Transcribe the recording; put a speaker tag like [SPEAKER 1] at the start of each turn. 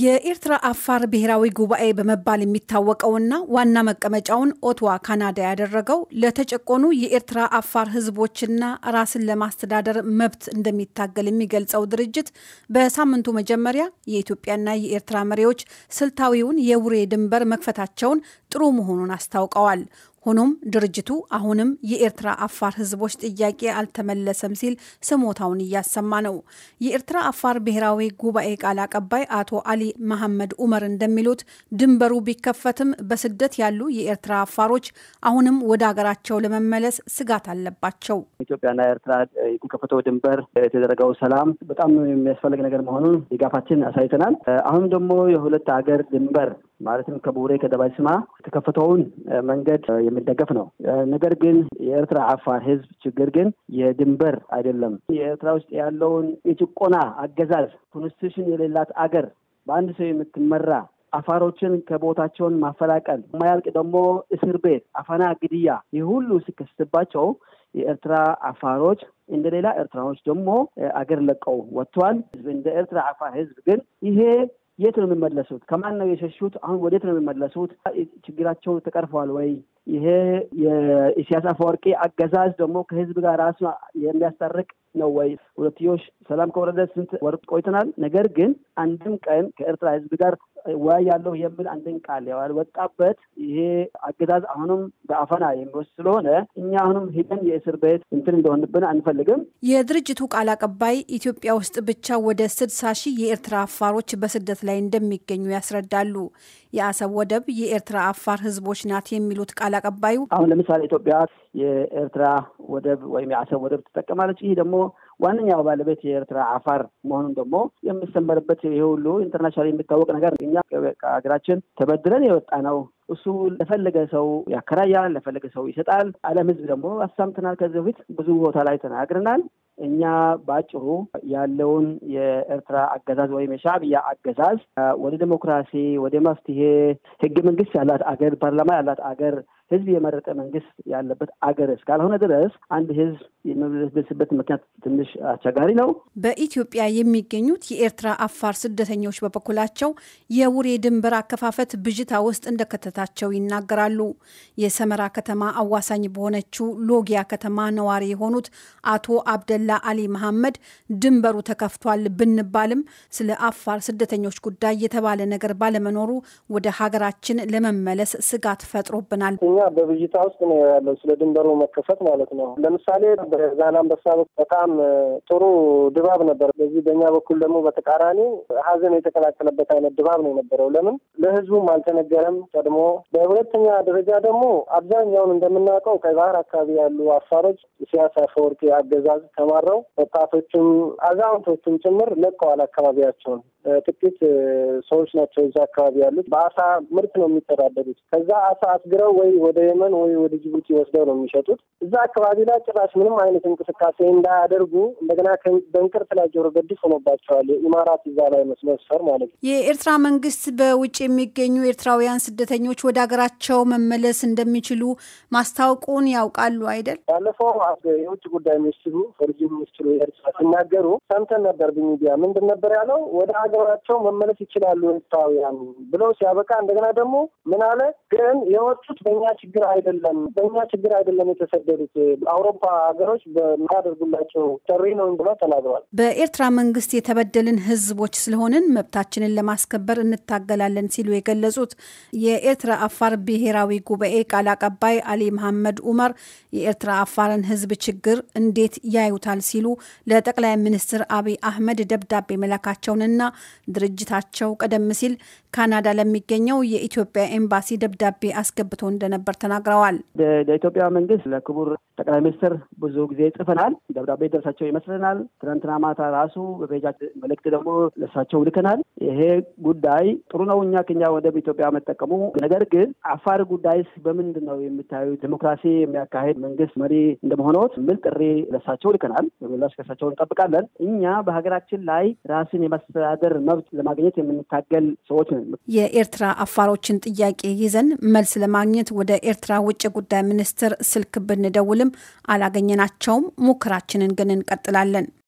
[SPEAKER 1] የኤርትራ አፋር ብሔራዊ ጉባኤ በመባል የሚታወቀውና ዋና መቀመጫውን ኦትዋ ካናዳ ያደረገው ለተጨቆኑ የኤርትራ አፋር ሕዝቦችና ራስን ለማስተዳደር መብት እንደሚታገል የሚገልጸው ድርጅት በሳምንቱ መጀመሪያ የኢትዮጵያና የኤርትራ መሪዎች ስልታዊውን የውሬ ድንበር መክፈታቸውን ጥሩ መሆኑን አስታውቀዋል። ሆኖም ድርጅቱ አሁንም የኤርትራ አፋር ህዝቦች ጥያቄ አልተመለሰም ሲል ስሞታውን እያሰማ ነው። የኤርትራ አፋር ብሔራዊ ጉባኤ ቃል አቀባይ አቶ አሊ መሐመድ ኡመር እንደሚሉት ድንበሩ ቢከፈትም በስደት ያሉ የኤርትራ አፋሮች አሁንም ወደ ሀገራቸው ለመመለስ ስጋት አለባቸው።
[SPEAKER 2] ኢትዮጵያና ኤርትራ የተከፈተው ድንበር፣ የተደረገው ሰላም በጣም የሚያስፈልግ ነገር መሆኑን ድጋፋችን አሳይተናል። አሁን ደግሞ የሁለት ሀገር ድንበር ማለትም ከቡሬ ከደባይ ስማ የተከፈተውን መንገድ የሚደገፍ ነው። ነገር ግን የኤርትራ አፋር ህዝብ ችግር ግን የድንበር አይደለም። የኤርትራ ውስጥ ያለውን የጭቆና አገዛዝ ኮንስቲቱሽን የሌላት አገር በአንድ ሰው የምትመራ አፋሮችን ከቦታቸውን ማፈላቀል የማያልቅ ደግሞ እስር ቤት፣ አፈና፣ ግድያ ይህ ሁሉ ሲከሰትባቸው የኤርትራ አፋሮች እንደ ሌላ ኤርትራዎች ደግሞ አገር ለቀው ወጥተዋል። እንደ ኤርትራ አፋር ህዝብ ግን ይሄ የት ነው የሚመለሱት? ከማን ነው የሸሹት? አሁን ወዴት ነው የሚመለሱት? ችግራቸው ተቀርፏል ወይ? ይሄ የኢሳያስ አፈወርቂ አገዛዝ ደግሞ ከህዝብ ጋር ራሱ የሚያስታርቅ ነው ወይ? ሁለትዮሽ ሰላም ከወረደ ስንት ወር ቆይተናል። ነገር ግን አንድም ቀን ከኤርትራ ህዝብ ጋር እወያያለሁ የሚል አንድን ቃል ያልወጣበት ይሄ አገዛዝ አሁንም በአፈና የሚወስድ ስለሆነ እኛ አሁንም ሂደን የእስር ቤት እንትን እንደሆንብን አንፈልግም።
[SPEAKER 1] የድርጅቱ ቃል አቀባይ ኢትዮጵያ ውስጥ ብቻ ወደ ስድሳ ሺህ የኤርትራ አፋሮች በስደት ላይ እንደሚገኙ ያስረዳሉ። የአሰብ ወደብ የኤርትራ አፋር ህዝቦች ናት የሚሉት ቃል አቀባዩ አሁን ለምሳሌ
[SPEAKER 2] ኢትዮጵያ የኤርትራ ወደብ ወይም የአሰብ ወደብ ትጠቀማለች። ይህ ደግሞ ዋነኛው ባለቤት የኤርትራ አፋር መሆኑን ደግሞ የምሰመርበት ይሄ ሁሉ ኢንተርናሽናል የሚታወቅ ነገር እኛ ከሀገራችን ተበድረን የወጣ ነው። እሱ ለፈለገ ሰው ያከራያል፣ ለፈለገ ሰው ይሰጣል። ዓለም ህዝብ ደግሞ አሳምተናል። ከዚህ በፊት ብዙ ቦታ ላይ ተናግረናል። እኛ በአጭሩ ያለውን የኤርትራ አገዛዝ ወይም የሻብያ አገዛዝ ወደ ዲሞክራሲ ወደ መፍትሄ ህገ መንግስት ያላት አገር ፓርላማ ያላት አገር ህዝብ የመረጠ መንግስት ያለበት አገር እስካልሆነ ድረስ አንድ ህዝብ የሚመለስበት ምክንያት ትንሽ አስቸጋሪ ነው።
[SPEAKER 1] በኢትዮጵያ የሚገኙት የኤርትራ አፋር ስደተኞች በበኩላቸው የውሬ ድንበር አከፋፈት ብዥታ ውስጥ እንደከተታቸው ይናገራሉ። የሰመራ ከተማ አዋሳኝ በሆነችው ሎጊያ ከተማ ነዋሪ የሆኑት አቶ አብደላ አሊ መሐመድ ድንበሩ ተከፍቷል ብንባልም ስለ አፋር ስደተኞች ጉዳይ የተባለ ነገር ባለመኖሩ ወደ ሀገራችን ለመመለስ ስጋት ፈጥሮብናል።
[SPEAKER 3] በብዥታ ውስጥ ነው ያለው ስለ ድንበሩ መከፈት ማለት ነው። ለምሳሌ በዛላምበሳ በጣም ጥሩ ድባብ ነበር። በዚህ በእኛ በኩል ደግሞ በተቃራኒ ሀዘን የተቀላቀለበት አይነት ድባብ ነው የነበረው። ለምን ለህዝቡም አልተነገረም ቀድሞ። በሁለተኛ ደረጃ ደግሞ አብዛኛውን እንደምናውቀው ቀይ ባህር አካባቢ ያሉ አፋሮች ኢሳያስ አፈወርቂ አገዛዝ ተማረው ወጣቶችም አዛውንቶችም ጭምር ለቀዋል አካባቢያቸውን። ጥቂት ሰዎች ናቸው እዛ አካባቢ ያሉት። በአሳ ምርት ነው የሚተዳደሩት። ከዛ አሳ አስግረው ወይ ወደ የመን ወይ ወደ ጅቡቲ ወስደው ነው የሚሸጡት። እዛ አካባቢ ላይ ጭራሽ ምንም አይነት እንቅስቃሴ እንዳያደርጉ እንደገና በእንቅርት ላይ ጆሮ ገድፍ ሆኖባቸዋል። የኢማራት እዛ ላይ መስመሰር ማለት ነው።
[SPEAKER 1] የኤርትራ መንግስት በውጭ የሚገኙ ኤርትራውያን ስደተኞች ወደ ሀገራቸው መመለስ እንደሚችሉ ማስታወቁን ያውቃሉ አይደል?
[SPEAKER 3] ባለፈው የውጭ ጉዳይ ሚኒስትሩ ፈርጂ ሚኒስትሩ ኤርትራ ሲናገሩ ሰምተን ነበር በሚዲያ ምንድን ነበር ያለው? ወደ ሀገራቸው መመለስ ይችላሉ ኤርትራውያን ብለው ሲያበቃ እንደገና ደግሞ ምን አለ ግን የወጡት በእኛ ችግር አይደለም፣ በእኛ ችግር አይደለም የተሰደዱት አውሮፓ ሀገሮች በሚያደርጉላቸው ጥሪ ነው ብለው ተናግሯል።
[SPEAKER 1] በኤርትራ መንግስት የተበደልን ህዝቦች ስለሆንን መብታችንን ለማስከበር እንታገላለን ሲሉ የገለጹት የኤርትራ አፋር ብሔራዊ ጉባኤ ቃል አቀባይ አሊ መሐመድ ኡመር የኤርትራ አፋርን ህዝብ ችግር እንዴት ያዩታል ሲሉ ለጠቅላይ ሚኒስትር አብይ አህመድ ደብዳቤ መላካቸውንና ድርጅታቸው ቀደም ሲል ካናዳ ለሚገኘው የኢትዮጵያ ኤምባሲ ደብዳቤ አስገብቶ እንደነበር እንደነበር ተናግረዋል።
[SPEAKER 2] ለኢትዮጵያ መንግስት ለክቡር ጠቅላይ ሚኒስትር ብዙ ጊዜ ጽፈናል፣ ደብዳቤ ደርሳቸው ይመስለናል። ትናንትና ማታ ራሱ በፔጃ መልእክት ደግሞ ለሳቸው ልከናል። ይሄ ጉዳይ ጥሩ ነው፣ እኛ ከኛ ወደብ ኢትዮጵያ መጠቀሙ። ነገር ግን አፋር ጉዳይስ በምንድን ነው የምታዩት? ዲሞክራሲ የሚያካሄድ መንግስት መሪ እንደመሆነት ምን ጥሪ ለሳቸው ልከናል። ምላሽ ከሳቸው እንጠብቃለን። እኛ በሀገራችን ላይ ራስን የማስተዳደር መብት ለማግኘት የምንታገል ሰዎች ነን።
[SPEAKER 1] የኤርትራ አፋሮችን ጥያቄ ይዘን መልስ ለማግኘት ወደ ወደ ኤርትራ ውጭ ጉዳይ ሚኒስትር ስልክ ብንደውልም አላገኘናቸውም። ሙከራችንን ግን እንቀጥላለን።